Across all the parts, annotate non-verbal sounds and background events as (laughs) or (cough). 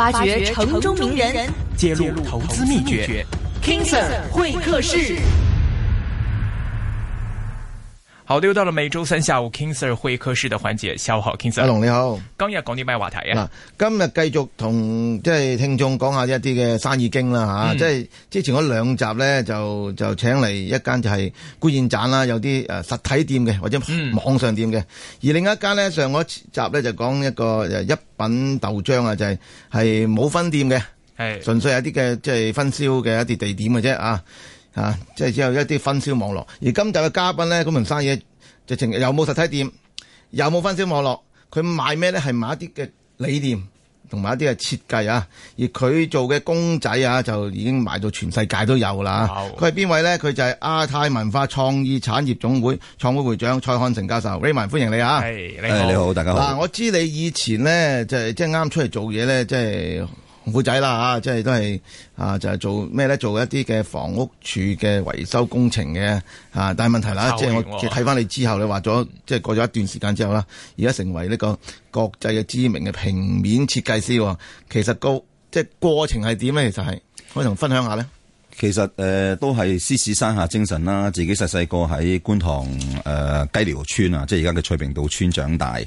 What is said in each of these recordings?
挖掘城中名人，揭露投資秘訣，King Sir 會客室。好，又到了每周三下午 King Sir 會客室嘅環節，下午好，King Sir。阿龍你好，今日講啲咩話題啊？嗱，今日繼續同即係聽眾講一下一啲嘅生意經啦吓，啊嗯、即係之前嗰兩集呢，就就請嚟一間就係孤燕盞啦，有啲誒實體店嘅或者網上店嘅，嗯、而另一間呢，上嗰集呢，就講一個誒、就是、一品豆漿、就是嗯就是、啊，就係係冇分店嘅，係純粹係一啲嘅即係分銷嘅一啲地點嘅啫啊。啊，即係只有一啲分銷網絡，而今集嘅嘉賓咧，咁門生意直情有冇實體店，有冇分銷網絡，佢賣咩咧？係賣一啲嘅理念，同埋一啲嘅設計啊。而佢做嘅公仔啊，就已經賣到全世界都有啦。佢係邊位咧？佢就係亞太文化創意產業總會創會會長蔡漢成教授，Raymond，歡迎你啊！係、hey, 你, hey, 你好，大家好。嗱，我知你以前咧就係即係啱出嚟做嘢咧，即係。僕仔啦嚇，即係都係啊，就係、是、做咩咧、啊？做一啲嘅房屋署嘅維修工程嘅啊，但係問題啦，啊、即係我睇翻你之後，你話咗，即係過咗一段時間之後啦，而家成為呢個國際嘅知名嘅平面設計師。其實個即係過程係點咧？其實係、那個、可以同分享下咧。其實誒，都係獅子山下精神啦。自己細細個喺觀塘誒雞寮村啊，即係而家嘅翠屏道村長大。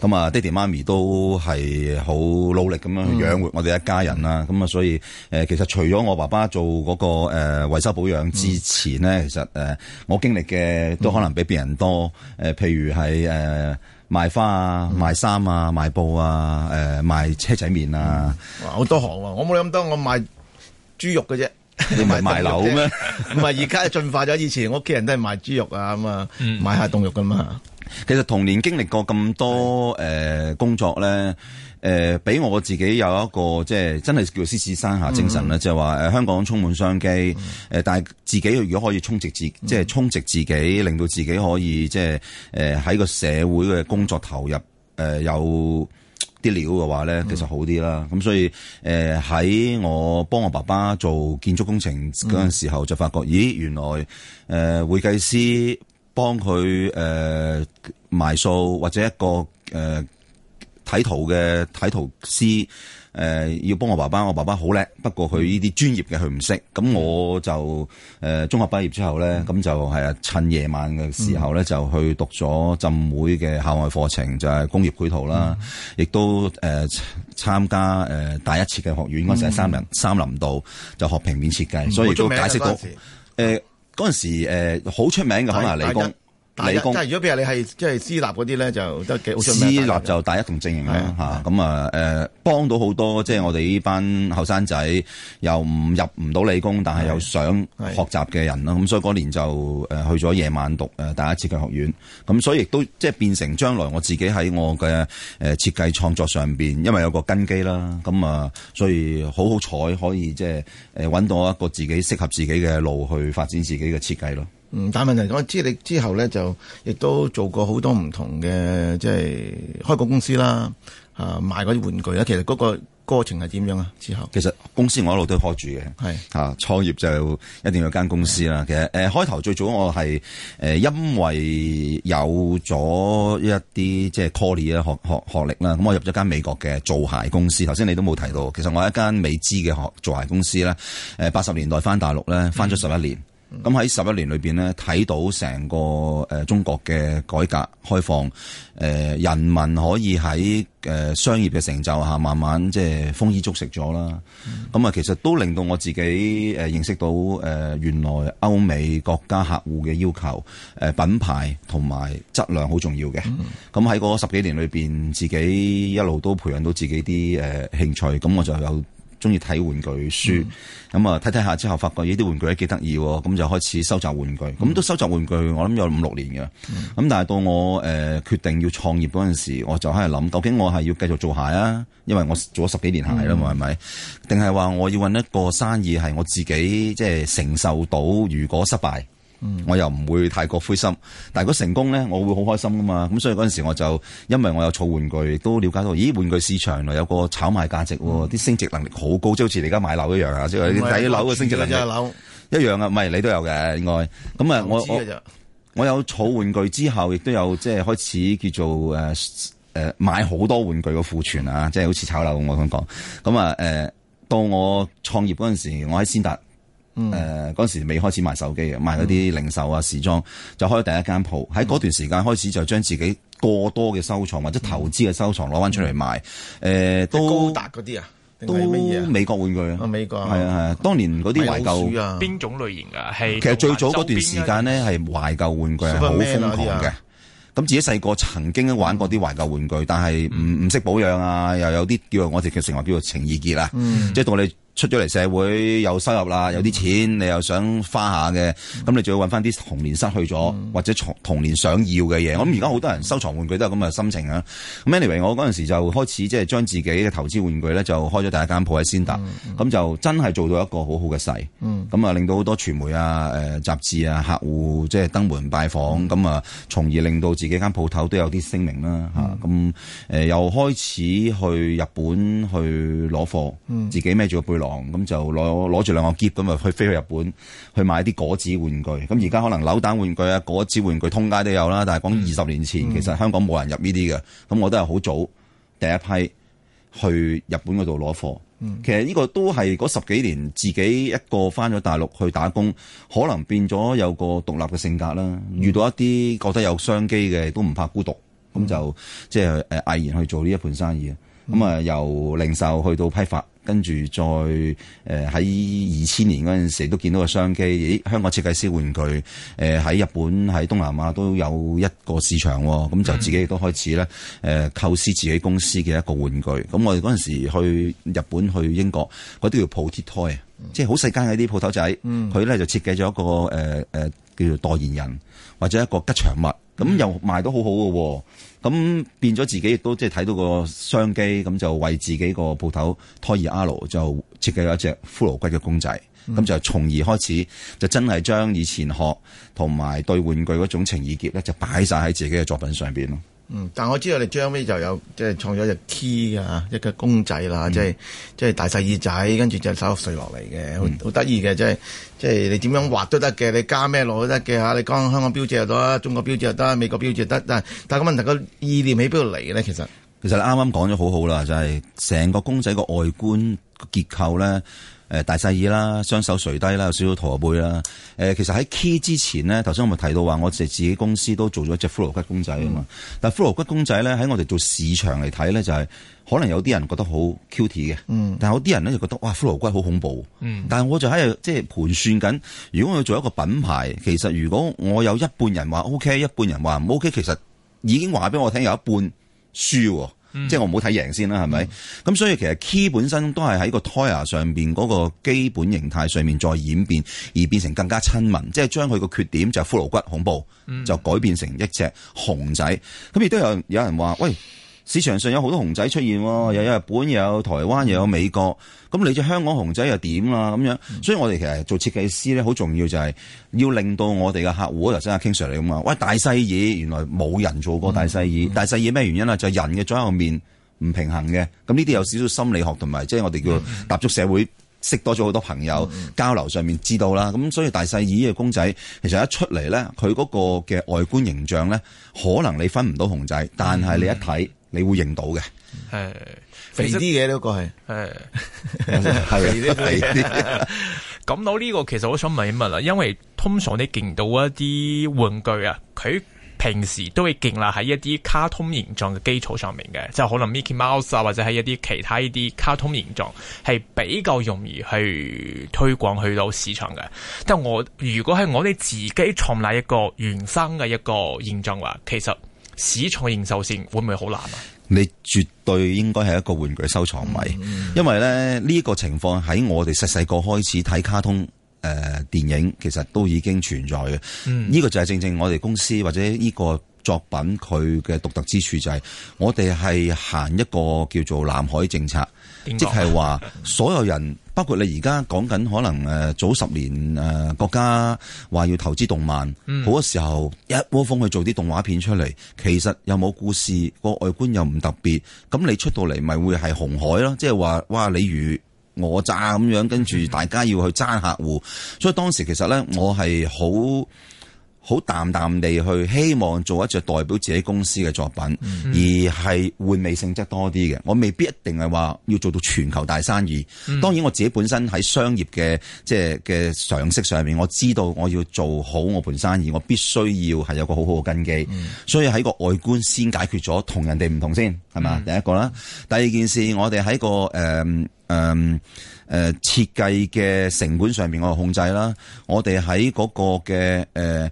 咁啊，爹哋媽咪都係好努力咁樣去養活我哋一家人啦。咁啊，所以誒，其實除咗我爸爸做嗰個誒維修保養之前咧，其實誒我經歷嘅都可能比別人多。誒，譬如係誒賣花啊、賣衫啊、賣布啊、誒賣車仔麵啊，好多行啊。我冇諗到我賣豬肉嘅啫。你唔係賣樓咩？唔係而家進化咗，以前屋企人都係賣豬肉啊咁啊，賣下凍肉噶嘛。 (noise) 其實童年經歷過咁多誒、呃、工作咧，誒、呃、俾我自己有一個即係真係叫做獅子山下精神咧，即係話誒香港充滿商機誒、呃，但係自己如果可以充值自、嗯、即係充值自己，令到自己可以即係誒喺個社會嘅工作投入誒、呃、有。啲料嘅話咧，其實好啲啦。咁、嗯、所以，誒、呃、喺我幫我爸爸做建築工程嗰陣時候，嗯、就發覺，咦，原來誒、呃、會計師幫佢誒、呃、埋數或者一個誒。呃睇圖嘅睇圖師，誒、呃、要幫我爸爸，我爸爸好叻，不過佢呢啲專業嘅佢唔識，咁我就誒、呃、中學畢業之後咧，咁、嗯、就係啊趁夜晚嘅時候咧就去讀咗浸會嘅校外課程，就係、是、工業繪圖啦，亦、嗯、都誒參、呃、加誒第、呃、一設計學院嗰陣係三林三林道就學平面設計，嗯、所以而解釋到，誒嗰陣時誒好出名嘅可能理工。大一，即係如果譬如你係即係私立嗰啲咧，就都幾好。私立就大一同正形啦吓，咁的啊誒，幫的、嗯、到好多即係、就是、我哋呢班後生仔又唔入唔到理工，但係又想學習嘅人咯。咁的、嗯、所以嗰年就誒去咗夜晚讀誒大一設計學院，咁、嗯、所以亦都即係、就是、變成將來我自己喺我嘅誒設計創作上邊，因為有個根基啦，咁啊，所以好好彩可以即係誒搵到一個自己適合自己嘅路去發展自己嘅設計咯。啊嗯，但係問題，我知你之後咧，就亦都做過好多唔同嘅，即係開過公司啦，啊賣嗰啲玩具啦。其實嗰個過程係點樣啊？之後其實公司我一路都 hold 住嘅，係是啊，創業就一定要間公司啦。的其實誒開頭最早我係誒因為有咗一啲即係 college 啊學學學歷啦，咁我入咗間美國嘅做鞋公司。頭先你都冇提到，其實我係一間美資嘅學做鞋公司咧。誒八十年代翻大陸咧，翻咗十一年。嗯咁喺十一年裏邊咧，睇到成個誒中國嘅改革開放，誒、呃、人民可以喺誒、呃、商業嘅成就下慢慢即係豐衣足食咗啦。咁啊、嗯，其實都令到我自己誒、呃、認識到誒、呃、原來歐美國家客戶嘅要求，誒、呃、品牌同埋質量好重要嘅。咁喺嗰十幾年裏邊，自己一路都培養到自己啲誒、呃、興趣，咁我就有鍾意睇玩具書，咁啊睇睇下之後發覺呢啲玩具都幾得意，咁、嗯、就開始收集玩具。咁、嗯、都收集玩具，我諗有五六年嘅。咁、嗯、但係到我誒、呃、決定要創業嗰陣時，我就喺度諗，究竟我係要繼續做鞋啊？因為我做咗十幾年鞋啦嘛，係咪、嗯？定係話我要搵一個生意係我自己即係、就是、承受到，如果失敗。我又唔會太過灰心，但係如果成功咧，我會好開心㗎嘛。咁所以嗰陣時我就因為我有儲玩具，亦都了解到，咦玩具市場啊有個炒賣價值喎，啲、嗯、升值能力好高，即係好似你而家買樓一樣啊，即係啲樓嘅升值能力，樓一樣啊，唔係你都有嘅應該。咁、嗯、啊，我我有儲玩具之後，亦都有即係開始叫做誒誒、啊、買好多玩具嘅庫存啊，即係好似炒樓我咁講。咁、嗯、啊誒，到我創業嗰陣時，我喺先達。誒，嗰時未開始賣手機啊，賣嗰啲零售啊，時裝就開第一間鋪。喺嗰段時間開始，就將自己過多嘅收藏或者投資嘅收藏攞翻出嚟賣。誒，都高達嗰啲啊，都美國玩具啊，美國係啊係。當年嗰啲懷舊邊種類型啊？係其實最早嗰段時間咧，係懷舊玩具係好瘋狂嘅。咁自己細個曾經玩過啲懷舊玩具，但係唔唔識保養啊，又有啲叫我哋叫成為叫做情意結啊。即係對你。出咗嚟社會有收入啦，有啲錢，你又想花下嘅，咁、嗯、你仲要揾翻啲童年失去咗、嗯、或者童年想要嘅嘢。咁而家好多人收藏玩具都係咁嘅心情啊。咁 anyway，、嗯、我嗰陣時就開始即係將自己嘅投資玩具咧就開咗第一間鋪喺先達，咁就真係做到一個好好嘅勢。咁啊、嗯，嗯、令到好多傳媒啊、誒雜誌啊、客戶即係登門拜訪，咁啊，從而令到自己間鋪頭都有啲聲名啦嚇。咁、啊、誒、嗯嗯、又開始去日本去攞貨，自己孭住個背囊。咁就攞攞住兩個篋咁啊，去飛去日本去買啲果子玩具。咁而家可能扭蛋玩具啊、果子玩具通街都有啦。但係講二十年前，嗯、其實香港冇人入呢啲嘅。咁我都係好早第一批去日本嗰度攞貨。嗯、其實呢個都係嗰十幾年自己一個返咗大陸去打工，可能變咗有個獨立嘅性格啦。遇到一啲覺得有商機嘅，都唔怕孤獨，咁、嗯、就即係誒毅然去做呢一盤生意。咁啊、嗯，由零售去到批發，跟住再誒喺二千年嗰陣時都見到個商機。咦，香港設計師玩具誒喺、呃、日本喺東南亞都有一個市場，哦，咁就自己亦都開始咧誒、呃、構思自己公司嘅一個玩具。咁、嗯嗯嗯、我哋嗰陣時去日本、去英國，嗰啲叫鋪鐵胎啊，即係好細間嘅啲鋪頭仔，佢咧、嗯、就設計咗一個誒誒、呃、叫做代言人或者一個吉祥物，咁又賣得好好嘅喎。咁變咗自己亦都即係睇到個商機，咁就為自己個鋪頭拖兒拉勞，就設計咗一隻骷髏骨嘅公仔，咁、嗯、就從而開始就真係將以前學同埋對玩具種情意結咧，就擺晒喺自己嘅作品上邊咯。嗯，但我知道你將尾就有即係創咗隻 key 㗎，一個公仔啦，即係即係大細耳仔，跟住就手碎落嚟嘅，好好得意嘅，即係即係你點樣畫都得嘅，你加咩落都得嘅吓，你講香港標誌又得，中國標誌又得，美國標誌又得，但係但係個問題個意念喺邊度嚟咧？其實其實你啱啱講咗好好啦，就係、是、成個公仔個外觀個結構咧。誒大細耳啦，雙手垂低啦，有少少駝背啦。誒、呃，其實喺 key 之前咧，頭先我咪提到話，我哋自己公司都做咗隻骷髏骨公仔啊嘛。嗯、但係骷髏骨公仔咧，喺我哋做市場嚟睇咧，就係、是、可能有啲人覺得好 cute 嘅，嗯、但係有啲人咧就覺得哇骷髏骨好恐怖，嗯、但係我就喺度即係盤算緊，如果我要做一個品牌，其實如果我有一半人話 OK，一半人話唔 OK，其實已經話俾我聽，有一半輸。即係我唔好睇，贏先啦，係咪？咁、嗯、所以其實 key 本身都係喺個 tower 上邊嗰個基本形態上面再演變，而變成更加親民，即係將佢個缺點就係骷髏骨恐怖，嗯、就改變成一隻熊仔。咁亦都有有人話，喂，市場上有好多熊仔出現喎，又有日本，又有台灣，又有美國，咁你隻香港熊仔又點啊？咁樣，所以我哋其實做設計師咧，好重要就係要令到我哋嘅客戶，頭先 King Sir 你咁話！喂，大細耳原來冇人做過大細耳，嗯嗯、大細耳咩原因啊？就係、是、人嘅左右面唔平衡嘅，咁呢啲有少少心理學同埋，即係我哋叫踏足社會，識多咗好多朋友，交流上面知道啦。咁所以大細耳嘅公仔，其實一出嚟咧，佢嗰個嘅外觀形象咧，可能你分唔到熊仔，但係你一睇。你會認到嘅，係、嗯、實肥啲嘅呢個係，係係啲肥啲。咁我呢個其實我想問一問啦，因為通常你見到一啲玩具啊，佢平時都會建立喺一啲卡通形象嘅基礎上面嘅，就可能 Mickey Mouse 啊，或者係一啲其他一啲卡通形象，係比較容易去推廣去到市場嘅。但係我如果係我哋自己創立一個原生嘅一個形象話，其實。市場營售先會唔會好難啊？你絕對應該係一個玩具收藏迷，嗯、因為咧呢、這個情況喺我哋細細個開始睇卡通誒、呃、電影，其實都已經存在嘅。呢、嗯、個就係正正我哋公司或者呢個作品佢嘅獨特之處，就係我哋係行一個叫做南海政策，個即係話所有人。包括你而家講緊可能誒、呃、早十年誒、呃、國家話要投資動漫，嗯、好多時候一窩蜂去做啲動畫片出嚟，其實又冇故事，個外觀又唔特別，咁你出到嚟咪會係紅海咯，即係話哇你虞我詐咁樣，跟住大家要去爭客戶，嗯、所以當時其實咧我係好。好淡淡地去，希望做一隻代表自己公司嘅作品，mm hmm. 而係玩味性質多啲嘅。我未必一定係話要做到全球大生意。Mm hmm. 當然，我自己本身喺商業嘅即係嘅常識上面，我知道我要做好我盤生意，我必須要係有個好好嘅根基。Mm hmm. 所以喺個外觀先解決咗同人哋唔同先，係嘛？Mm hmm. 第一個啦，第二件事我哋喺個誒誒。呃呃誒、呃、設計嘅成本上面我控制啦，我哋喺嗰個嘅誒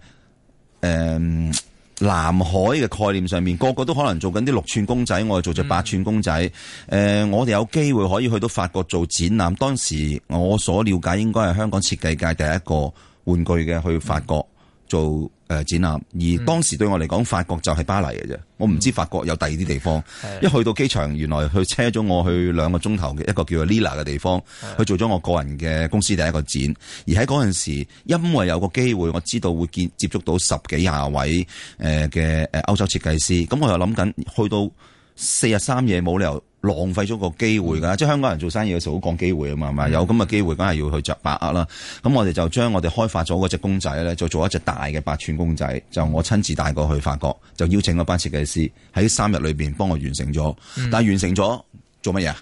誒南海嘅概念上面，個個都可能做緊啲六寸公仔，我哋做咗八寸公仔。誒、呃，我哋有機會可以去到法國做展覽。當時我所了解應該係香港設計界第一個玩具嘅去法國。嗯做誒展覽，而當時對我嚟講，法國就係巴黎嘅啫。我唔知法國有第二啲地方。一 (laughs) 去到機場，原來佢車咗我去兩個鐘頭嘅一個叫做 Lina 嘅地方，去做咗我個人嘅公司第一個展。而喺嗰陣時，因為有個機會，我知道會見接觸到十幾廿位誒嘅誒歐洲設計師，咁我又諗緊去到四日三夜冇理由。浪費咗個機會噶即係香港人做生意嘅時候好講機會啊嘛，係咪？嗯。有咁嘅機會，梗係要去着把握啦。咁我哋就將我哋開發咗嗰隻公仔咧，就做一隻大嘅八寸公仔，就我親自帶過去，去法國，就邀請一班設計師喺三日裏邊幫我完成咗。嗯、但係完成咗做乜嘢？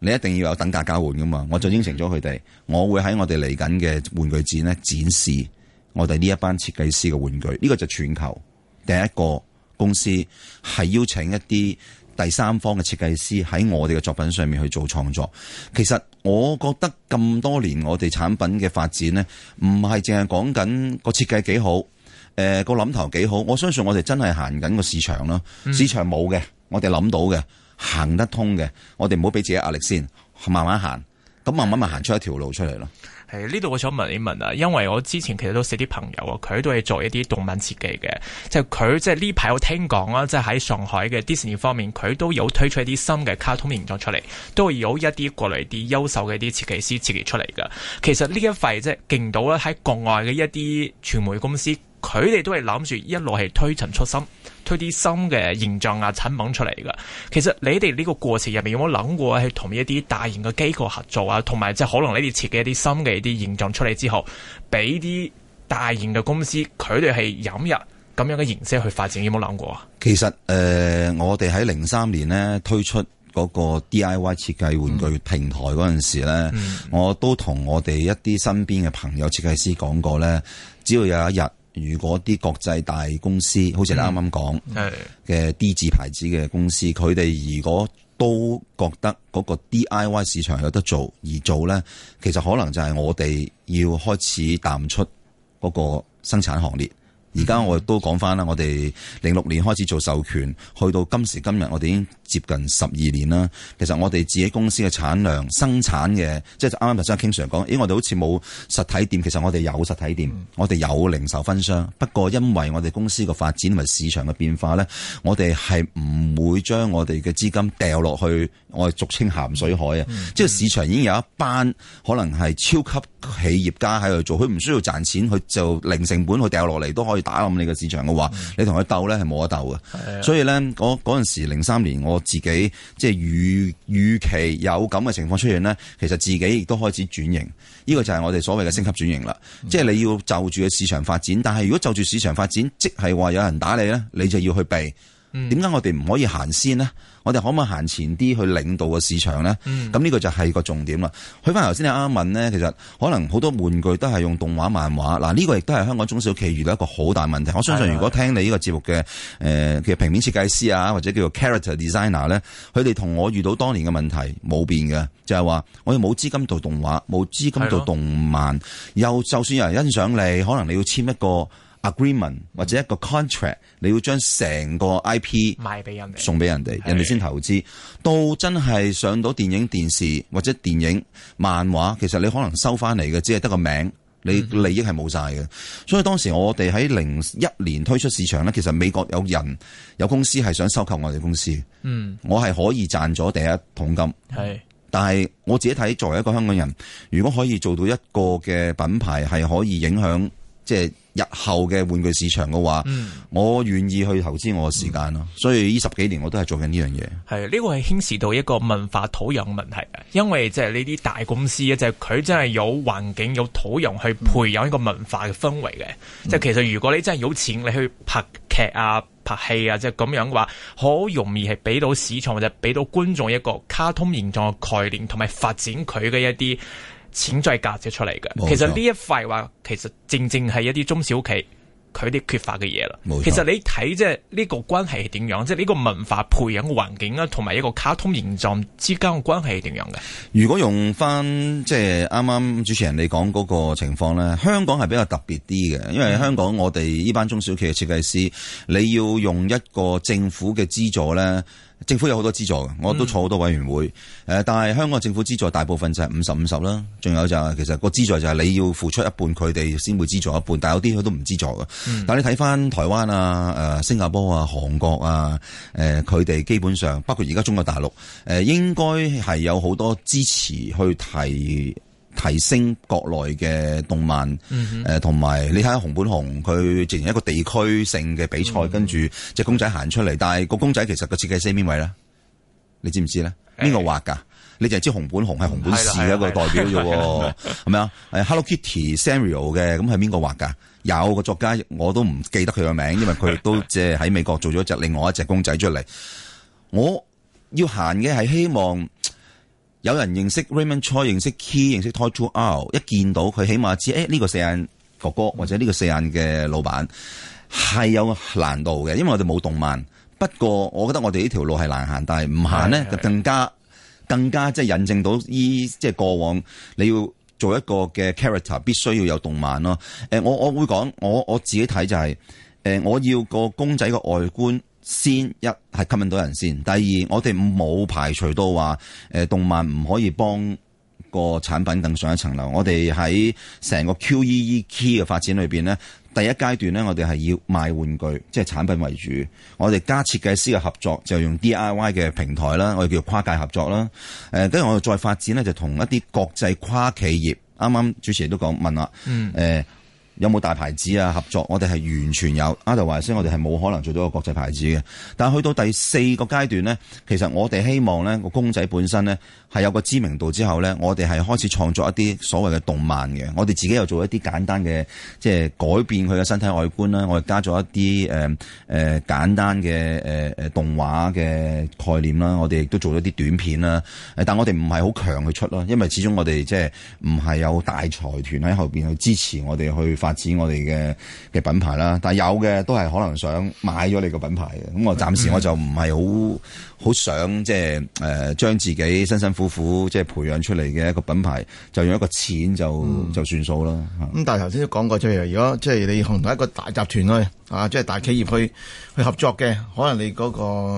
你一定要有等價交換噶嘛。我就應承咗佢哋，我會喺我哋嚟緊嘅玩具展咧展示我哋呢一班設計師嘅玩具。呢、這個就全球第一個公司係邀請一啲。第三方嘅設計師喺我哋嘅作品上面去做創作，其實我覺得咁多年我哋產品嘅發展呢，唔係淨係講緊個設計幾好，誒個諗頭幾好，我相信我哋真係行緊個市場囉。市場冇嘅，我哋諗到嘅，行得通嘅，我哋唔好俾自己壓力先，慢慢行，咁慢慢咪行出一條路出嚟咯。呢度我想問一問啊，因為我之前其實都識啲朋友啊，佢都係做一啲動漫設計嘅，即係佢即係呢排我聽講啦，即係喺上海嘅 Disney 方面，佢都有推出一啲新嘅卡通形象出嚟，都會有一啲國內啲優秀嘅啲設計師設計出嚟嘅。其實呢一塊即係勁到啦，喺、就是、國外嘅一啲傳媒公司，佢哋都係諗住一路係推陳出新。推啲新嘅形狀啊、產品出嚟嘅，其實你哋呢個過程入面有冇諗過，係同一啲大型嘅機構合作啊，同埋即係可能你哋設計一啲新嘅一啲形狀出嚟之後，俾啲大型嘅公司佢哋係引入咁樣嘅形式去發展，有冇諗過啊？其實誒、呃，我哋喺零三年咧推出嗰個 DIY 設計玩具平台嗰陣時咧，嗯、我都同我哋一啲身邊嘅朋友設計師講過咧，只要有一日。如果啲國際大公司，好似你啱啱講係嘅 D 字牌子嘅公司，佢哋如果都覺得個 DIY 市場有得做而做咧，其實可能就係我哋要開始淡出個生產行列。而家我亦都講翻啦，我哋零六年開始做授權，去到今時今日，我哋已經接近十二年啦。其實我哋自己公司嘅產量、生產嘅，即係啱啱頭先 King Sir 常講，咦，我哋好似冇實體店，其實我哋有實體店，我哋有零售分商。不過因為我哋公司嘅發展同埋市場嘅變化咧，我哋係唔會將我哋嘅資金掉落去，我哋俗稱鹹水海啊。嗯、即係市場已經有一班可能係超級企業家喺度做，佢唔需要賺錢，佢就零成本去掉落嚟都可以打冧你個市場嘅話，嗯、你同佢鬥咧係冇得鬥嘅。是的 所以咧，嗰陣時零三年，我自己即係預預期有咁嘅情況出現咧，其實自己亦都開始轉型。呢、這個就係我哋所謂嘅升級轉型啦。嗯、即係你要就住嘅市場發展，但係如果就住市場發展，即係話有人打你咧，你就要去避。點解我哋唔可以行先呢？我哋可唔可行前啲去領導個市場呢？咁呢個，嗯，就係個重點啦。去翻頭先你啱啱問呢，其實可能好多玩具都係用動畫漫畫。嗱，呢個亦都係香港中小企遇到一個好大問題。我相信如果聽你呢個節目嘅誒，其實平面設計師啊，或者叫做 character designer 咧，佢哋同我遇到當年嘅問題冇變嘅，就係話我哋冇資金做動畫，冇資金做動漫。的又就算有人欣賞你，可能你要簽一個 Agreement 或者一個 contract，你要將成個 IP 賣俾人哋，送俾人哋，是的 人哋先投資。到真係上到電影、電視或者電影漫畫，其實你可能收翻嚟嘅，只係得個名，你利益係冇晒嘅。嗯、所以當時我哋喺零一年推出市場呢，其實美國有人有公司係想收購我哋公司。嗯，我係可以賺咗第一桶金。係，是的 但係我自己睇作為一個香港人，如果可以做到一個嘅品牌係可以影響，即係。日後嘅玩具市場嘅話，嗯、我願意去投資我嘅時間咯。嗯、所以呢十幾年我都係做緊呢樣嘢。係呢、呢個係牽涉到一個文化土壤嘅問題嘅，因為即係呢啲大公司咧，就係、是、佢真係有環境、有土壤去培養一個文化嘅氛圍嘅。即係、嗯、其實如果你真係有錢，你去拍劇啊、拍戲啊，即係咁樣嘅話，好容易係俾到市場或者俾到觀眾一個卡通形象嘅概念，同埋發展佢嘅一啲。潛在價值出嚟嘅，沒錯 其實呢一塊話，其實正正係一啲中小企佢啲缺乏嘅嘢啦。沒錯 其實你睇即係呢個關係係點樣，即係呢個文化培養嘅環境啊，同埋一個卡通形象之間嘅關係係點樣嘅？如果用翻即係啱啱主持人你講嗰個情況咧，香港係比較特別啲嘅，因為香港我哋呢班中小企嘅設計師，你要用一個政府嘅資助咧。政府有好多資助嘅，我都坐好多委員會。誒、嗯呃，但係香港政府資助大部分就係五十五十啦。仲有就係、是、其實個資助就係你要付出一半，佢哋先會資助一半。但有啲佢都唔資助嘅。嗯、但你睇翻台灣啊、誒、呃、新加坡啊、韓國啊、誒佢哋基本上，包括而家中國大陸，誒、呃、應該係有好多支持去提。提升國內嘅動漫，誒同埋你睇下熊本熊，佢之前一個地區性嘅比賽，跟住隻公仔行出嚟，但係個公仔其實個設計師邊位咧？你知唔知咧？邊個的畫噶？你就係知熊本熊係熊本市一個代表啫喎，係咪啊？係的 (laughs) Hello Kitty Sanrio 嘅，咁係邊個畫噶？有個作家我都唔記得佢個名，因為佢都即係喺美國做咗隻另外一隻公仔出嚟。我要行嘅係希望。有人認識 Raymond Choi，認識 Key，認識 Toy Two R，一見到佢起碼知，誒、哎、呢、呢個四眼哥哥或者呢個四眼嘅老闆係有難度嘅，因為我哋冇動漫。不過我覺得我哋呢條路係難行，但係唔行咧就更加更加即係引證到依即係過往你要做一個嘅 character 必須要有動漫咯。誒，我我會講，我我自己睇就係、是、誒，我要個公仔嘅外觀。先一係吸引到人先，第二我哋冇排除到話，誒、呃、動漫唔可以幫個產品更上一層樓。我哋喺成個 QEEK 嘅發展裏邊咧，第一階段咧，我哋係要賣玩具，即係產品為主。我哋加設計師嘅合作，就用 DIY 嘅平台啦，我哋叫跨界合作啦。誒、呃，跟住我哋再發展咧，就同一啲國際跨企業。啱啱主持人都講問啦，誒、呃。嗯有冇大牌子啊，合作？我哋係完全有。Otherwise，我哋係冇可能做到個國際牌子嘅。但係去到第四個階段咧，其實我哋希望咧個公仔本身咧係有個知名度之後咧，我哋係開始創作一啲所謂嘅動漫嘅。我哋自己又做一啲簡單嘅，即係改變佢嘅身體外觀啦。我哋加咗一啲誒誒簡單嘅誒誒動畫嘅概念啦。我哋亦都做咗啲短片啦。但我哋唔係好強去出咯，因為始終我哋即係唔係有大財團喺後邊去支持我哋去。發展我哋嘅嘅品牌啦，但係有嘅都係可能想買咗你個品牌嘅。咁我暫時我就唔係好好想，即係，即係誒，將自己辛辛苦苦即係培養出嚟嘅一個品牌，就用一個錢就，嗯、就算數啦。咁、嗯、但係頭先都講過，即係如果即係、即係、你同一個大集團去啊，即、就、係、是、大企業去去合作嘅，可能你嗰、嗰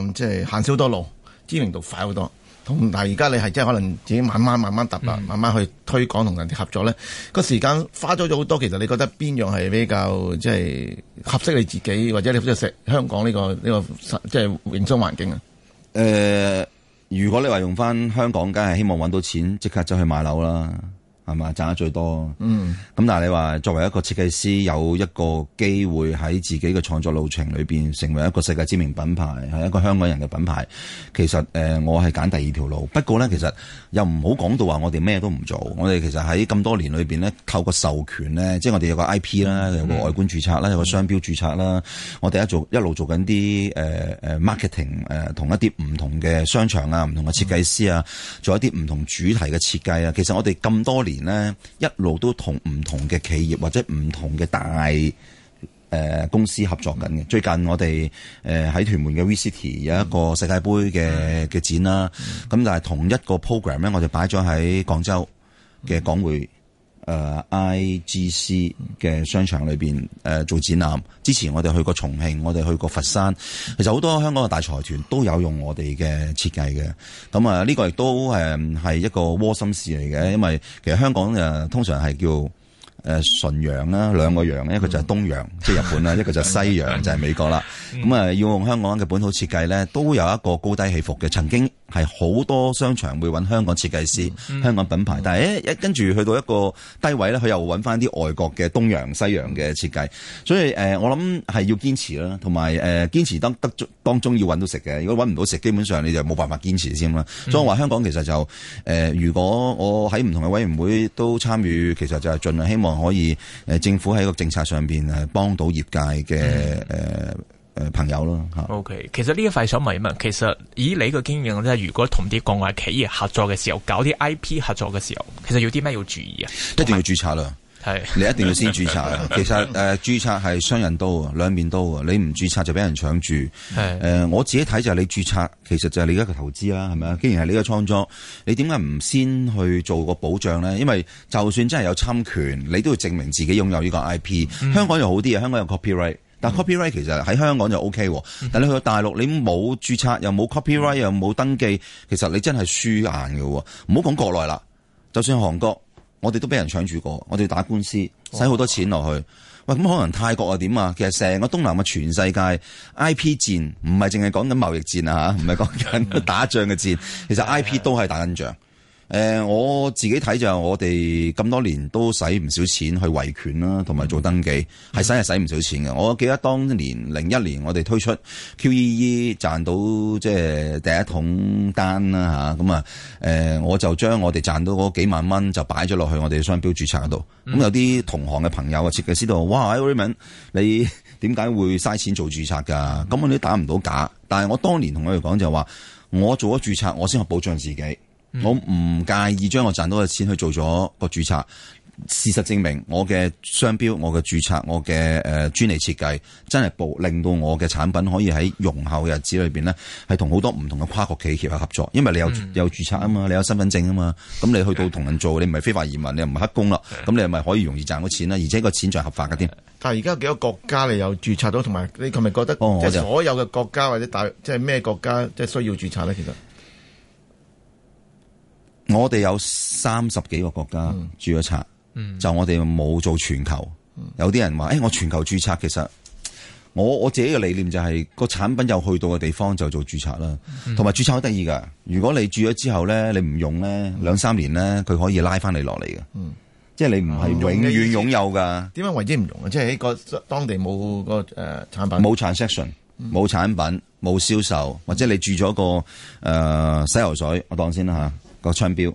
個即係行少多路，知名度快好多。同但係而家你係即係可能自己慢慢慢慢揼啊，嗯、慢慢去推廣同人哋合作咧，個時間花咗咗好多。其實你覺得邊樣係比較即係、即係、合適你自己，或者你即係食香港呢、呢個呢、呢個即係營商環境啊？誒、呃，如果你話用翻香港，梗係希望揾到錢即刻走去買樓啦。係嘛？賺得最多。嗯。咁但係你話作為一個設計師有一個機會喺自己嘅創作路程裏邊成為一個世界知名品牌，係、嗯、一個香港人嘅品牌。其實誒、呃、我係揀第二條路。不過咧，其實又唔好講到話我哋咩都唔做。嗯、我哋其實喺咁多年裏邊咧，透過授權咧，即係我哋有個 IP 啦，有個外觀註冊啦，有個商標註冊啦。嗯、我哋一做一路做緊啲誒誒 marketing，誒、呃、同一啲唔同嘅商場啊，唔同嘅設計師啊，嗯、做一啲唔同主題嘅設計啊。其實我哋咁多年。咧一路都同唔同嘅企業或者唔同嘅大誒、呃、公司合作緊嘅。最近我哋誒喺屯門嘅 V City 有一個世界杯嘅嘅展啦，咁、嗯、但係同一個 program 咧，我哋擺咗喺廣州嘅港匯。嗯誒 I G C 嘅商場裏邊誒做展覽，之前我哋去過重慶，我哋去過佛山，其實好多香港嘅大財團都有用我哋嘅設計嘅，咁啊呢、這個亦都誒係一個窩心事嚟嘅，因為其實香港誒、啊、通常係叫誒、呃、純洋啦，兩個洋，一個就係東洋即係、就是、日本啦，一個就係西洋就係、是、美國啦，咁啊要用香港嘅本土設計咧，都有一個高低起伏嘅曾經。係好多商場會揾香港設計師、嗯、香港品牌，但係誒一跟住去到一個低位咧，佢又揾返啲外國嘅東洋、西洋嘅設計。所以誒、呃，我諗係要堅持啦，同埋誒堅持得得當中要揾到食嘅。如果揾唔到食，基本上你就冇辦法堅持先啦。所以我話香港其實就誒、呃，如果我喺唔同嘅委員會都參與，其實就係盡量希望可以誒、呃、政府喺個政策上面誒幫到業界嘅誒。嗯呃誒，朋友咯吓。O、okay. K，其實呢一塊想問一問，其實以你嘅經驗咧，如果同啲國外企業合作嘅時候，搞啲 I P 合作嘅時候，其實有啲咩要注意啊？一定要註冊啦，係是你一定要先註冊。 (laughs) 其實誒，註冊係雙刃刀啊，兩面刀啊。你唔註冊就俾人搶住。誒是、呃，我自己睇就係你註冊，其實就係你一個投資啦，係咪啊？既然係你嘅創作，你點解唔先去做個保障咧？因為就算真係有侵權，你都要證明自己擁有呢個 I P。嗯、香港又好啲啊，香港有 copyright。copyright 其實喺香港就 OK，但你去到大陸你冇註冊又冇 copyright 又冇登記，其實你真係輸硬嘅。唔好講國內啦，就算韓國，我哋都俾人搶住過，我哋打官司，使好多錢落去。哇喂，咁可能泰國又點啊？其實成個東南亞全世界 IP 戰，唔係淨係講緊貿易戰啊吓，唔係講緊打仗嘅戰， (laughs) 其實 IP 都係打緊仗。誒、呃，我自己睇就係我哋咁多年都使唔少錢去維權啦、啊，同埋做登記係真係使唔少錢嘅。我記得當年零一年我哋推出 QEE 賺到即係第一桶單啦、啊、吓，咁啊誒、呃，我就將我哋賺到嗰幾萬蚊就擺咗落去我哋商標註冊嗰度。咁、嗯、有啲同行嘅朋友啊，設計師度，哇 Raymond，你點解會嘥錢做註冊噶？咁我哋都打唔到假。但係我當年同佢哋講就話，我做咗註冊，我先可保障自己。我唔介意將我賺到嘅錢去做咗個註冊。事實證明，我嘅商標、我嘅註冊、我嘅誒、呃、專利設計，真係博令到我嘅產品可以喺容後日子裏邊呢，係同好多唔同嘅跨國企業合作。因為你有有註冊啊嘛，你有身份證啊嘛，咁你去到同人做，的你唔係非法移民，你又唔係黑工啦，咁的你咪可以容易賺到錢啦。而且個錢就係合法嘅添。的但係而家幾多國家你有註冊到？同埋你係咪覺得即係、哦、所有嘅國家或者大即係咩國家即係需要註冊呢？其實？我哋有三十幾個國家註咗冊，嗯、就我哋冇做全球。嗯、有啲人話，誒、欸，我全球註冊，其實我我自己嘅理念就係、是、個產品有去到嘅地方就做註冊啦。同埋註冊好得意噶，如果你住咗之後咧，你唔用咧，兩三年咧，佢可以拉翻、嗯、你落嚟嘅。即係你唔係永遠擁有噶。點解為之唔用？即係喺個當地冇個誒產品，冇 transaction，冇、嗯、產品，冇銷售，或者你住咗個誒洗油水，我當先啦吓。個商標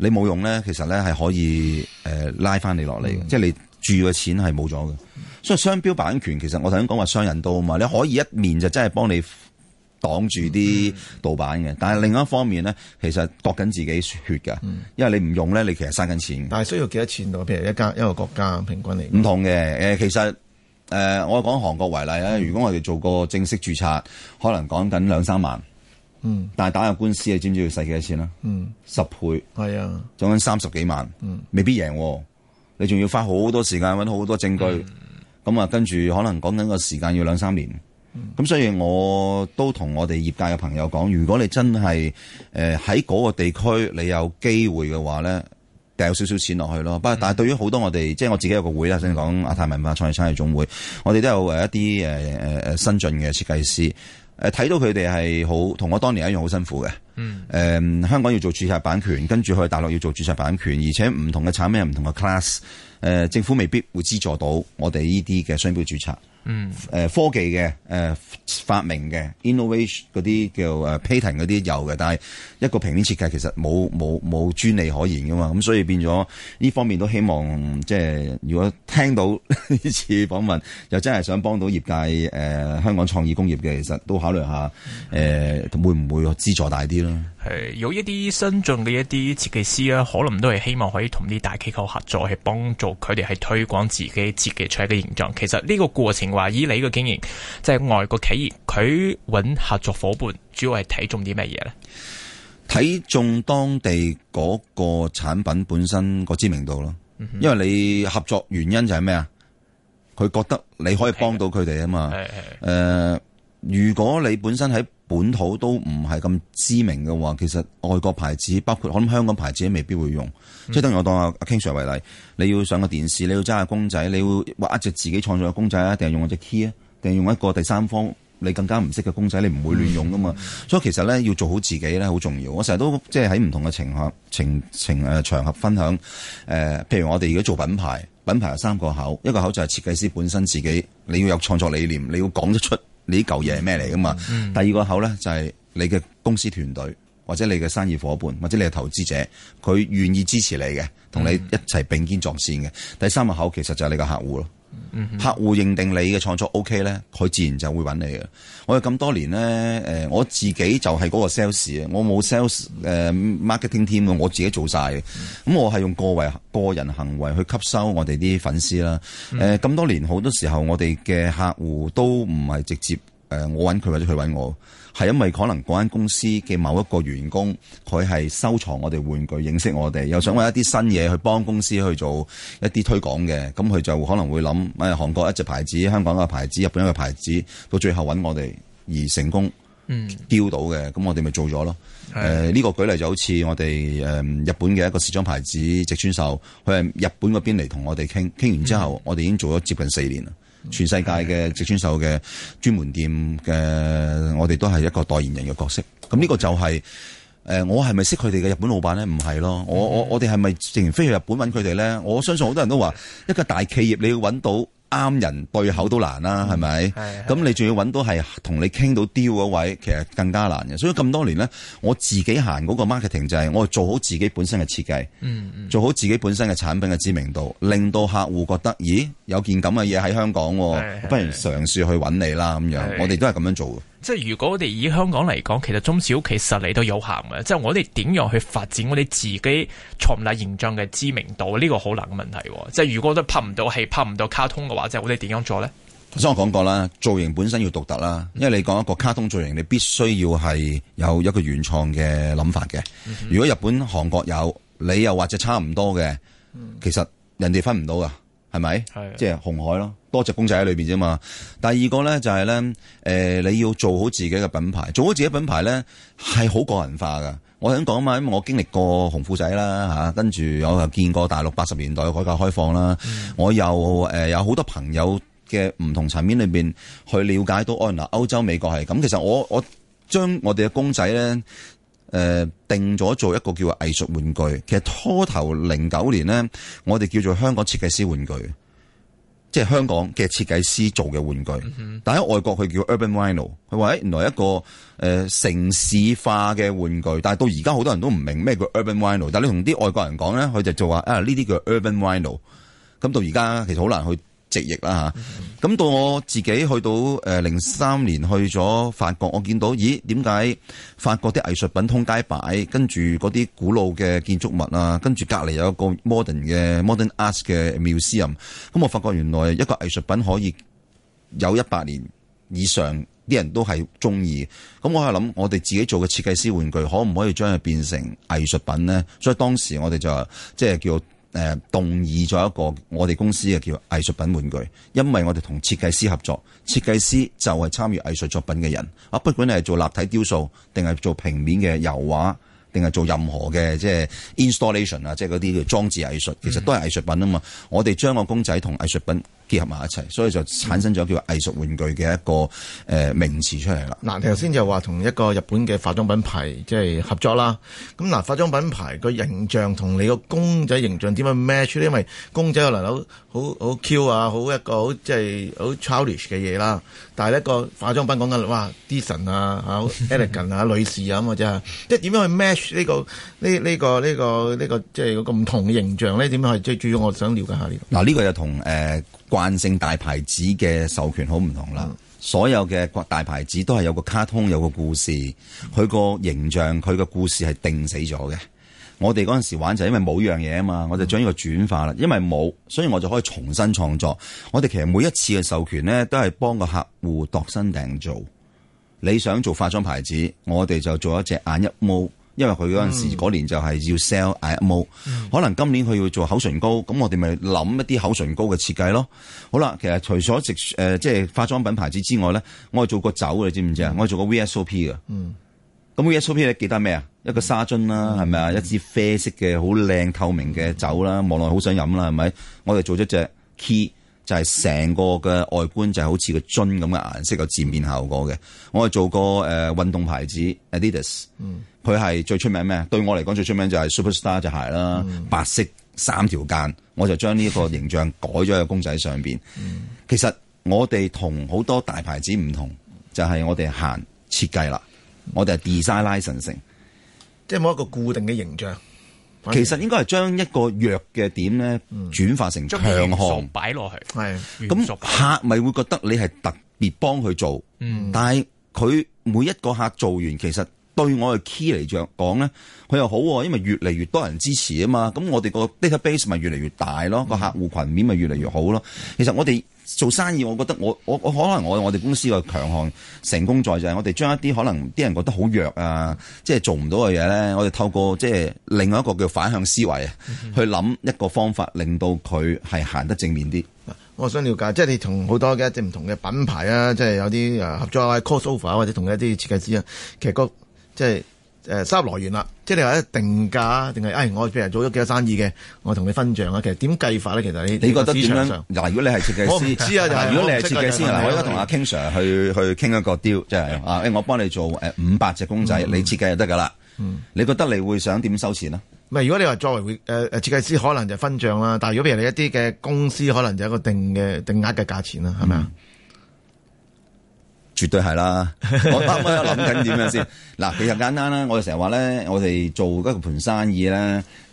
你冇用咧，其實咧係可以誒、呃、拉翻你落嚟嘅，嗯、即係你住嘅錢係冇咗嘅。嗯、所以商標版權其實我頭先講話雙刃刀啊嘛，你可以一面就真係幫你擋住啲盜版嘅，嗯、但係另一方面咧，其實度緊自己血噶，嗯、因為你唔用咧，你其實嘥緊錢、嗯、錢。但係需要幾多錢度？譬如一家一個國家平均嚟，唔同嘅。誒、呃，其實誒、呃，我講韓國為例啊，嗯、如果我哋做個正式注冊，可能講緊兩三萬。3, 3, 3嗯，但係打個官司你知唔知要使幾多錢啊？嗯，十倍，係啊，總共三十幾萬，嗯，未必贏，你仲要花好多時間搵好多證據，咁啊，跟住可能講緊個時間要兩三年，咁所以我都同我哋業界嘅朋友講，如果你真係誒喺嗰個地區你有機會嘅話咧，掉少少錢落去咯。不過，但係對於好多我哋，即係我自己有個會啦，先講亞太文化創意產業總會，我哋都有誒一啲誒誒誒新進嘅設計師。誒睇到佢哋係好同我當年一樣好辛苦嘅。嗯，誒、嗯、香港要做注冊版權，跟住去大陸要做注冊版權，而且唔同嘅產品有唔同嘅 class，誒、呃、政府未必會資助到我哋呢啲嘅商標注冊嗯，誒、呃、科技嘅誒、呃、發明嘅 innovation 啲叫誒 patent 啲有嘅，但係一個平面設計其實冇冇冇專利可言嘅嘛，咁所以變咗呢方面都希望，即係如果聽到呢次訪問又真係想幫到業界誒、呃、香港創意工業嘅，其實都考慮下誒、呃、會唔會資助大啲咯。係有一啲新進嘅一啲設計師啦，可能都係希望可以同啲大機構合作，去幫助佢哋係推廣自己設計出嚟嘅形象。其實呢個過程話，以你嘅經驗，即係外國企業，佢揾合作伙伴，主要係睇中啲咩嘢咧？睇中當地嗰個產品本身個知名度咯，因為你合作原因就係咩啊？佢覺得你可以幫到佢哋啊嘛。係係。呃，如果你本身喺。本土都唔係咁知名嘅話，其實外國牌子，包括我諗香港牌子，都未必會用。即係等於我當阿阿 King Sir 為例，你要上個電視，你要揸下公仔，你要畫一隻自己創作嘅公仔啊，定係用 𠮶 隻 key 啊，定係用一個第三方你更加唔識嘅公仔，你唔會亂用噶嘛。 (laughs) 所以其實咧，要做好自己咧，好重要。我成日都即係喺唔同嘅情合、情情誒場合分享誒、呃、譬如我哋而家做品牌，品牌有三個口，一個口就係設計師本身自己，你要有創作理念，你要講得出。你啲舊嘢係咩嚟㗎嘛？嗯、第二個口咧就係、是、你嘅公司團隊，或者你嘅生意伙伴，或者你嘅投資者，佢願意支持你嘅，同你一齊並肩作戰嘅。嗯、第三個口其實就係你個客戶咯。客戶認定你嘅創作 O K 咧，佢自然就會揾你嘅。我哋咁多年咧，誒、呃，我自己就係嗰個 sales 啊，我冇 sales 誒 marketing team 啊，我自己做晒嘅。咁我係用個位個人行為去吸收我哋啲粉絲啦。誒、呃，咁多年好多時候我哋嘅客戶都唔係直接誒、呃，我揾佢或者佢揾我。係因為可能嗰間公司嘅某一個員工，佢係收藏我哋玩具，認識我哋，又想揾一啲新嘢去幫公司去做一啲推廣嘅，咁佢就可能會諗，誒韓國一隻牌子，香港嘅牌子，日本一個牌子，到最後揾我哋而成功，嗯，標到嘅，咁我哋咪做咗咯。誒呢個舉例就好似我哋誒、呃、日本嘅一個時裝牌子植村秀，佢係日本嗰邊嚟同我哋傾，傾完之後，我哋已經做咗接近四年啦。全世界嘅植村秀嘅專門店嘅，我哋都係一個代言人嘅角色。咁、嗯、呢、這個就係、是、誒、呃，我係咪識佢哋嘅日本老闆咧？唔係咯，我我我哋係咪成日飛去日本揾佢哋咧？我相信好多人都話 (laughs) 一個大企業你要揾到啱人對口都難啦、啊，係咪、嗯？咁是你仲要揾到係同你傾到 deal 嗰位，其實更加難嘅。所以咁多年咧，我自己行嗰個 marketing 就係我做好自己本身嘅設計，嗯、做好自己本身嘅產品嘅知名度，令到客戶覺得，咦，有件咁嘅嘢喺香港、啊，是是是是不如嘗試去揾你啦咁樣。是是我哋都係咁樣做。即係如果我哋以香港嚟講，其實中小企實力都有限嘅。即係我哋點樣去發展我哋自己創立形象嘅知名度呢？這個好難嘅問題。即係如果都拍唔到戲，拍唔到卡通嘅話，即係我哋點樣做咧？頭先我講過啦，造型本身要獨特啦，因為你講一個卡通造型，你必須要係有一個原創嘅諗法嘅。如果日本、韓國有，你又或者差唔多嘅，其實人哋分唔到噶，係咪？係嘅即係紅海咯。多隻公仔喺裏邊啫嘛。第二個咧就係、是、咧，誒、呃、你要做好自己嘅品牌，做好自己品牌咧係好個人化㗎。我想講啊嘛，因為我經歷過紅褲仔啦嚇，跟、啊、住我又見過大陸八十年代嘅改革開放啦。嗯、我又誒、呃、有好多朋友嘅唔同層面裏邊去了解到，哦，原來歐洲美國係咁。其實我我將我哋嘅公仔咧，誒、呃、定咗做一個叫藝術玩具。其實初頭零九年咧，我哋叫做香港設計師玩具。即係香港嘅設計師做嘅玩,、嗯哼呃、玩具，但喺外國佢叫 Urban Vinyl 佢話：，原來一個誒城市化嘅玩具，但係到而家好多人都唔明咩叫 Urban Vinyl 但你同啲外國人講咧，佢就做話：，啊呢啲叫 Urban Vinyl 咁到而家其實好難去。直譯啦嚇，咁、啊、到我自己去到誒零三年去咗法國，我見到咦點解法國啲藝術品通街擺，跟住嗰啲古老嘅建築物啊，跟住隔籬有一個 modern 嘅 modern art 嘅 museum，咁我發覺原來一個藝術品可以有一百年以上，啲人都係中意。咁、嗯、我係諗我哋自己做嘅設計師玩具，可唔可以將佢變成藝術品咧？所以當時我哋就即係叫。誒、呃，動議咗一個我哋公司嘅叫藝術品玩具，因為我哋同設計師合作，設計師就係參與藝術作品嘅人。啊，不管係做立體雕塑，定係做平面嘅油畫，定係做任何嘅即係 installation 啊，即係嗰啲叫裝置藝術，其實都係藝術品啊嘛。嗯、我哋將個公仔同藝術品。結合埋一齊，所以就產生咗叫藝術玩具嘅一個誒名詞出嚟啦。嗱，頭先就話同一個日本嘅化妝品牌即係合作啦。咁嗱，化妝品牌個形象同你個公仔形象點樣 match 咧？因為公仔可能好好好 cute 啊，好一個即係好 childish 嘅嘢啦。但係一個化妝品講緊，哇，Dior 啊，好 elegant 啊，女士啊咁啊啫。即係點樣去 match 呢個呢呢個呢個呢個即係個唔同嘅形象咧？點樣係最主要？我想了解下呢個。嗱，呢個又同誒。慣性大牌子嘅授權好唔同啦，嗯、所有嘅大牌子都係有個卡通，有個故事，佢個形象，佢個故事係定死咗嘅。我哋嗰陣時玩就因為冇一樣嘢啊嘛，我就將呢個轉化啦，因為冇，所以我就可以重新創作。我哋其實每一次嘅授權呢，都係幫個客戶度身訂造。你想做化妝牌子，我哋就做一隻眼一毛。因為佢嗰陣時嗰、嗯、年就係要 sell more，、嗯、可能今年佢要做口唇膏，咁我哋咪諗一啲口唇膏嘅設計咯。好啦，其實除咗直誒即係化妝品牌子之外咧，我哋做過酒，你知唔知啊？我哋做過 V S O P 嘅。嗯，咁 V S O P 你記得咩啊？一個沙樽啦，係咪啊？一支啡色嘅好靚透明嘅酒啦，望落好想飲啦，係咪？我哋做咗隻 key。就係成個嘅外觀就係好似個樽咁嘅顏色個漸變效果嘅，我係做過誒呃、運動牌子 Adidas，佢係、嗯、最出名咩？對我嚟講最出名就係 Superstar 隻鞋啦，嗯、白色三條間，我就將呢個形象改咗喺公仔上邊。嗯、其實我哋同好多大牌子唔同，就係、是、我哋行設計啦，我哋係 design licensing，嗯、即係冇一個固定嘅形象。其實應該係將一個弱嘅點咧，轉化成強項擺落去。係，咁客咪會覺得你係特別幫佢做。嗯，但係佢每一個客做完，其實對我嘅 key 嚟着講咧，佢又好，因為越嚟越多人支持啊嘛。咁我哋個 database 咪越嚟越大咯，個、嗯、客戶群面咪越嚟越好咯。其實我哋。做生意，我覺得我我我可能我我哋公司個強項成功在就係我哋將一啲可能啲人覺得好弱啊，即係做唔到嘅嘢咧，我哋透過即係另外一個叫反向思維啊去諗一個方法，令到佢係行得正面啲。我想了解，即係你同好多嘅一啲唔同嘅品牌啊，即係有啲誒合作啊，cross over 啊，或者同一啲設計師啊，其實個即係。誒收入來源啦，即係你話定價定係誒、哎、我譬如做咗幾多生意嘅，我同你分賬啊。其實點計法咧，其實你，你覺得點樣？嗱，如果你係設計師，我唔知啊。就是、如果你係設計師，我的可以同阿 King Sir 去去傾一個 deal，即係的、就是哎、我幫你做誒五百隻公仔，嗯、你設計就得噶啦。嗯、你覺得你會想點收錢咧？唔係、嗯，如果你話作為誒誒、呃、設計師，可能就分賬啦。但係如果譬如你一啲嘅公司，可能就有一個定嘅定額嘅價錢啦，係咪啊？嗯絕對係啦，我啱啱諗緊點樣先嗱。 (laughs) 其實簡單啦，我哋成日話咧，我哋做一個盤生意咧，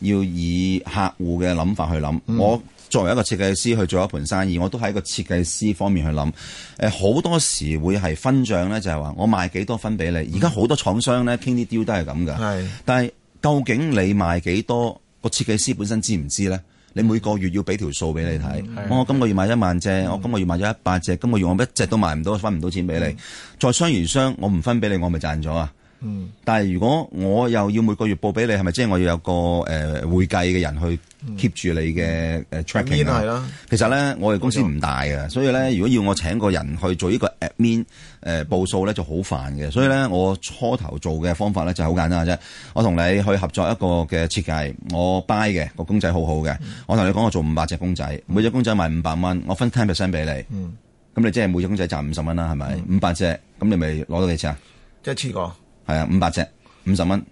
要以客戶嘅諗法去諗。嗯、我作為一個設計師去做一盤生意，我都喺個設計師方面去諗。誒、呃，好多時會係分賬咧，就係話我賣幾多分俾你。而家好多廠商咧傾啲刁都係咁噶，係是。但係究竟你賣幾多、個設計師本身知唔知咧？你每個月要俾條數俾你睇，我今個月賣一萬隻，我今個月賣咗一百隻，的今個月我一隻都賣唔到，分唔到錢俾你，的再商完商，我唔分俾你，我咪賺咗啊！嗯、但係如果我又要每個月報俾你，係咪即係我要有個誒、呃、會計嘅人去 keep 住你嘅誒 tracking 啊係啦。嗯呃、其實咧我哋公司唔大嘅，所以咧如果要我請個人去做個 min、呃、呢個 admin 誒報數咧就好煩嘅。所以咧我初頭做嘅方法咧就係好簡單啫。我同你去合作一個嘅設計，我 buy 嘅個公仔好好嘅。嗯、我同你講我做五百隻公仔，每隻公仔賣五百蚊，我分 ten percent 俾你。嗯，咁你即係每隻公仔賺五十蚊啦，係咪？五百隻，咁你咪攞到幾錢啊？一次過。係啊，五百隻五十蚊，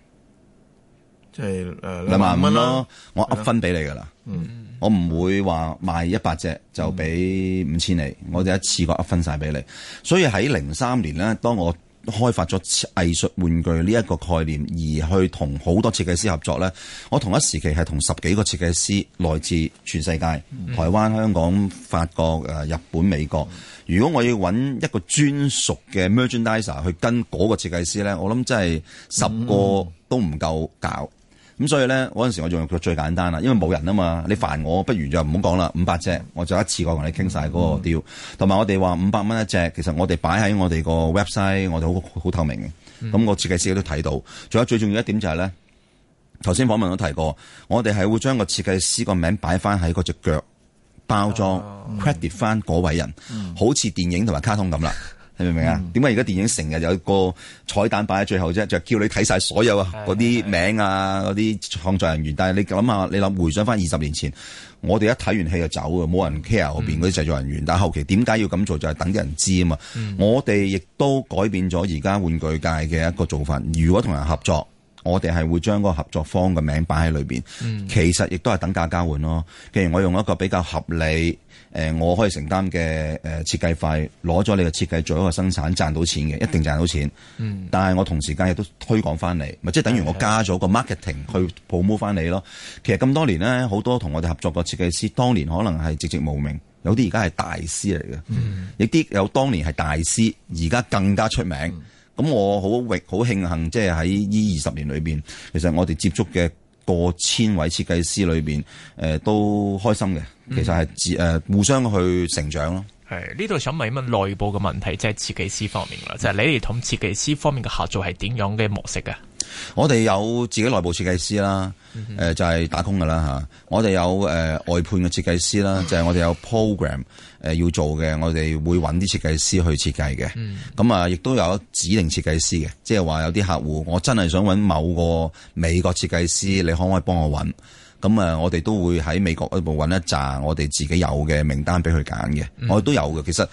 即係誒兩萬五咯，我呃分俾你噶啦，嗯、我唔會話賣一百隻就俾五千你，嗯、我就一次過呃分晒俾你，所以喺零三年咧，當我開發咗藝術玩具呢一個概念，而去同好多設計師合作呢我同一時期係同十幾個設計師來自全世界，台灣、香港、法國、誒日本、美國。如果我要揾一個專屬嘅 merchandiser 去跟嗰個設計師咧，我諗真係十個都唔夠搞。咁所以咧，嗰、那、陣、個、時我用做最簡單啦，因為冇人啊嘛，你煩我不如就唔好講啦。五百隻，我就一次過同你傾晒嗰個 deal，同埋、嗯、我哋話五百蚊一隻，其實我哋擺喺我哋個 website，我哋好好透明嘅。咁、那個設計師都睇到。仲有最重要一點就係、是、咧，頭先訪問都提過，我哋係會將個設計師個名擺翻喺嗰隻腳包裝、哦嗯、credit 翻嗰位人，嗯、好似電影同埋卡通咁啦。明唔明啊？點解而家電影成日有個彩蛋擺喺最後啫？就叫你睇晒所有嗰啲名啊，嗰啲創作人員。但係你諗下，你諗回想翻二十年前，我哋一睇完戲就走啊，冇人 care 後邊嗰啲製作人員。但係後期點解要咁做？就係等啲人知啊嘛。嗯、我哋亦都改變咗而家玩具界嘅一個做法。如果同人合作。我哋係會將個合作方嘅名擺喺裏邊，嗯、其實亦都係等價交換咯。譬如我用一個比較合理，誒、呃，我可以承擔嘅誒設計費，攞、呃、咗你嘅設計做一個生產，賺到錢嘅，一定賺到錢。嗯、但係我同時間亦都推廣翻你，咪即係等於我加咗個 marketing 去 promote 翻你咯。其實咁多年呢，好多同我哋合作嘅設計師，當年可能係寂寂無名，有啲而家係大師嚟嘅，亦啲、嗯、有，有當年係大師，而家更加出名。嗯咁我好榮好慶幸，即係喺呢二十年裏邊，其實我哋接觸嘅過千位設計師裏邊，誒、呃、都開心嘅。其實係自誒、呃、互相去成長咯。係呢度想問一問內部嘅問題，即係設計師方面啦，就係、是、你哋同設計師方面嘅合作係點樣嘅模式、呃就是、啊。我哋有自己內部設計師啦，誒就係打工噶啦吓。我哋有誒外判嘅設計師啦，就係、是、我哋有 program。誒要做嘅，我哋會揾啲設計師去設計嘅。咁啊、嗯，亦都有指定設計師嘅，即係話有啲客戶，我真係想揾某個美國設計師，你可唔可以幫我揾？咁啊、嗯，我哋都會喺美國部揾一紮我哋自己有嘅名單俾佢揀嘅，我哋都有嘅。其實誒、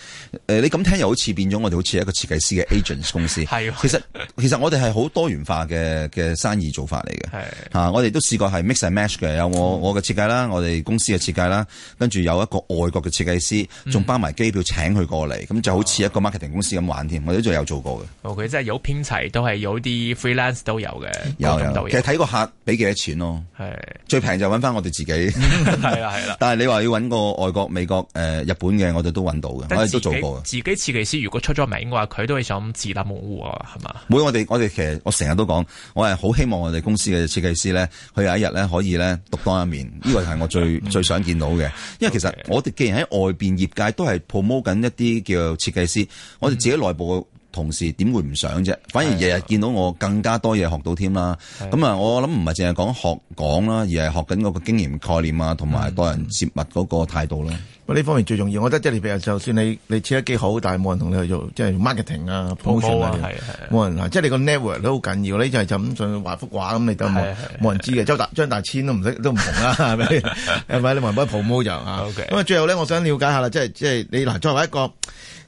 呃、你咁聽又好似變咗我哋好似一個設計師嘅 agents 公司，係 (laughs) 是的 其實其實我哋係好多元化嘅嘅生意做法嚟嘅，係吓是的、啊、我哋都試過係 mix and match 嘅，有我、嗯、我嘅設計啦，我哋公司嘅設計啦，跟住有一個外國嘅設計師仲包埋機票請佢過嚟，咁、嗯、就好似一個 marketing 公司咁玩添，我哋都有做過嘅。OK，即係有編齊都係有啲 freelance 都有嘅有，有有其實睇個客俾幾多錢咯，係的最平、嗯。就搵翻我哋自己，係啦，係啦。但係你話要搵個外國、美國、誒、呃、日本嘅，我哋都搵到嘅，我哋都做過。自己設計師如果出咗名嘅話，佢都會想自立門戶，係嘛？唔會，我哋我哋其實我成日都講，我係好希望我哋公司嘅設計師咧，佢有一日咧可以咧獨當一面，呢個係我最 (laughs) 最想見到嘅。因為其實我哋既然喺外邊業界都係 promote 緊一啲叫設計師，我哋自己內部。 (laughs) (laughs) 同事點會唔想啫？反而日日見到我更加多嘢學到添啦。咁啊，我諗唔係淨係講學講啦，而係學緊嗰個經驗概念啊，同埋待人接物嗰個態度啦。喂，呢方面最重要，我覺得即係你譬如，就算你你寫得幾好，但係冇人同你去做，即係 marketing 啊 promotion 啊，冇人即係你個 network 都好緊要咧。就係咁，就上去畫幅畫咁，你就冇人知嘅。張大張大千都唔識都唔同啦，係咪？係咪你問下啲 promo 人啊？咁啊，最後咧，我想了解下啦，即係即係你嗱，作為一個。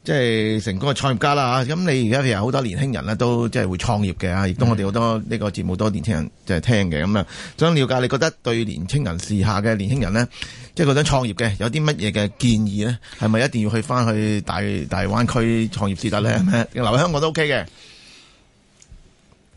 即係成功嘅創業家啦嚇，咁、嗯、你而家其實好多年輕人咧，都即係會創業嘅啊，亦都我哋好多呢個節目多年輕人就係聽嘅咁啊，想了解你覺得對年輕人，時下嘅年輕人呢，即係佢想創業嘅有啲乜嘢嘅建議呢？係咪一定要去翻去大大灣區創業先得咧？咩的的留喺香港都 OK 嘅。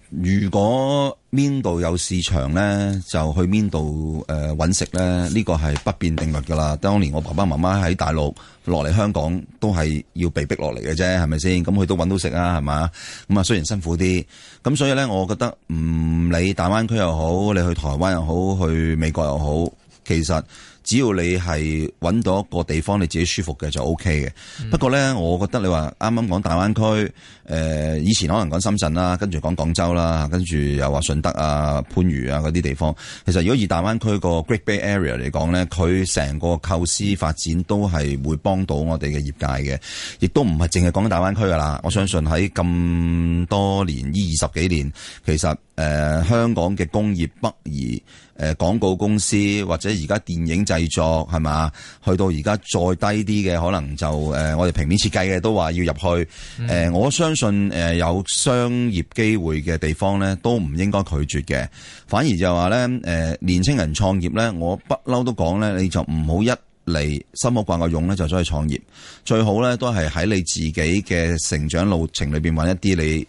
如果邊度有市場呢，就去邊度誒搵食呢？呢、呢個係不變定律噶啦。當年我爸爸媽媽喺大陸落嚟香港，都係要被逼落嚟嘅啫，係咪先？咁佢都揾到食啊，係嘛？咁啊，雖然辛苦啲，咁所以呢，我覺得唔理、嗯、大灣區又好，你去台灣又好，去美國又好，其實只要你係揾到一個地方你自己舒服嘅就 OK 嘅。嗯、不過呢，我覺得你話啱啱講大灣區。誒，以前可能講深圳啦，跟住講廣州啦，跟住又話順德啊、番禺啊啲地方。其實如果以大灣區個 Great Bay Area 嚟講咧，佢成個構思發展都係會幫到我哋嘅業界嘅，亦都唔係淨係講緊大灣區噶啦。我相信喺咁多年呢，二十幾年，其實誒、呃、香港嘅工業北移，誒、呃、廣告公司或者而家電影製作係嘛，去到而家再低啲嘅，可能就誒、呃、我哋平面設計嘅都話要入去。誒、嗯呃，我相信相信誒，有商業機會嘅地方咧，都唔應該拒絕嘅。反而就話呢誒，年青人創業呢，我不嬲都講呢，你就唔好一嚟心口掛個勇呢就走去創業。最好呢，都係喺你自己嘅成長路程裏邊揾一啲你。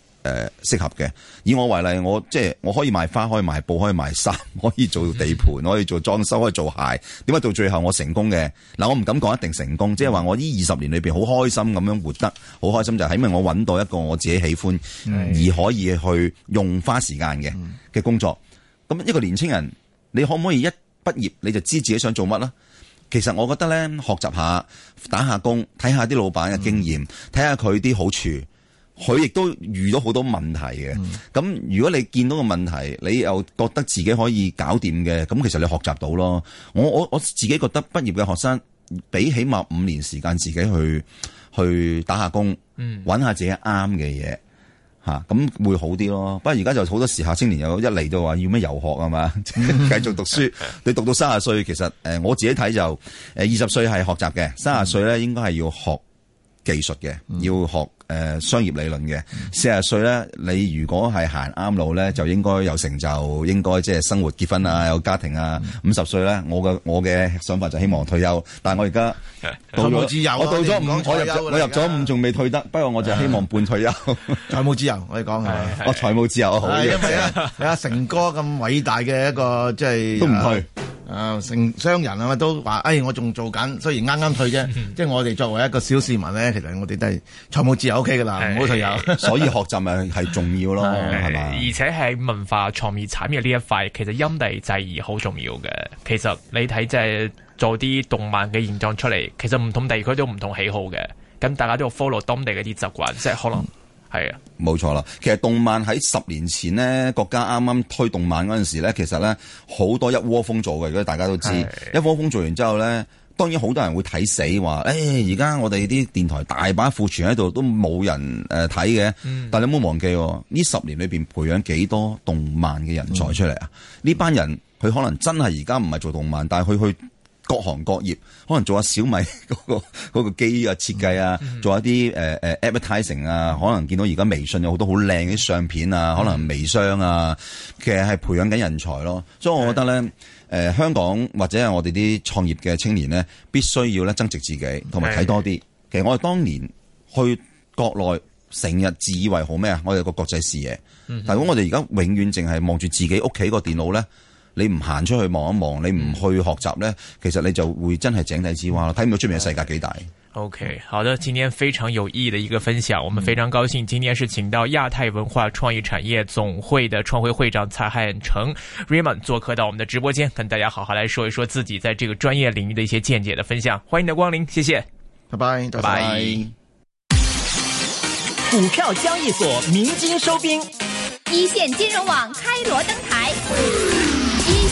誒，適合嘅。以我為例，我即係我可以賣花，可以賣布，可以賣衫，可以做地盤，可以做裝修，可以做鞋。點解到最後我成功嘅？嗱，我唔敢講一定成功，即係話我呢二十年裏邊好開心咁樣活得好開心，就係因為我揾到一個我自己喜歡而可以去用花時間嘅嘅工作。咁一個年青人，你可唔可以一畢業你就知自己想做乜啦？其實我覺得呢，學習下打下工，睇下啲老闆嘅經驗，睇下佢啲好處。佢亦都遇到好多問題嘅，咁、嗯、如果你見到個問題，你又覺得自己可以搞掂嘅，咁其實你學習到咯。我我我自己覺得畢業嘅學生，俾起碼五年時間自己去去打下工，揾下自己啱嘅嘢吓，咁、嗯啊、會好啲咯。不過而家就好多時下青年有一嚟到話要咩遊學啊嘛，嗯、 (laughs) 繼續讀書。你讀到三十歲，其實誒、呃、我自己睇就誒二十歲係學習嘅，三十歲咧應該係要學。技術嘅要學誒商業理論嘅，四十歲咧，你如果係行啱路咧，就應該有成就，應該即係生活結婚啊，有家庭啊。五十歲咧，我嘅我嘅想法就希望退休，但係我而家財務自由，我到咗五，我入我入咗五仲未退得，不過我就希望半退休，財務自由我哋講，係嘛？財務自由好，你阿成哥咁偉大嘅一個即係都唔退。啊、呃！成商人啊，嘛，都話誒，我仲做緊，雖然啱啱退啫。 (laughs) 即係我哋作為一個小市民咧，其實我哋都係財務自由 O K 噶啦，唔好退休。 (laughs) 所以學習咪係重要咯，係嘛 (laughs) 吧？而且係文化創意產業呢一塊，其實因地制宜好重要嘅。其實你睇即係做啲動漫嘅形狀出嚟，其實唔同地區都唔同喜好嘅。咁大家都要 follow 當地嗰啲習慣，即係可能係啊。 (laughs) 冇錯啦，其實動漫喺十年前咧，國家啱啱推動漫嗰陣時咧，其實咧，好多一窩蜂做嘅，因為大家都知是的 一窩蜂做完之後咧，當然好多人會睇死話，誒而家我哋啲電台大把庫存喺度，都冇人誒睇嘅。但你唔好忘記呢、哦嗯、十年裏邊培養幾多動漫嘅人才出嚟啊？呢、嗯、班人佢可能真係而家唔係做動漫，但係佢去。各行各業，可能做下小米嗰，那個嗰，那個機啊設計啊，嗯、做一啲誒誒 advertising 啊，uh, 可能見到而家微信有好多好靚嘅相片啊，嗯、可能微商啊，其實係培養緊人才咯。所以我覺得咧，誒是、呃、香港或者係我哋啲創業嘅青年咧，必須要咧增值自己，同埋睇多啲。是其實我哋當年去國內成日自以為好咩啊？我哋有個國際視野，嗯、但如果我哋而家永遠淨係望住自己屋企個電腦咧。你唔行出去望一望，你唔去學習呢？其實你就會真係井底之蛙，睇唔到出面嘅世界幾大。OK，好的，今天非常有意義的一個分享，我們非常高興，今天是請到亞太文化創意產業總會的創會會長蔡漢成 Raymond 做客到我們的直播間，跟大家好好來說一說自己在這個專業領域的一些見解的分享。歡迎你的光臨，謝謝，拜拜，拜拜。股票交易所鳴金收兵，一線金融網開羅登台。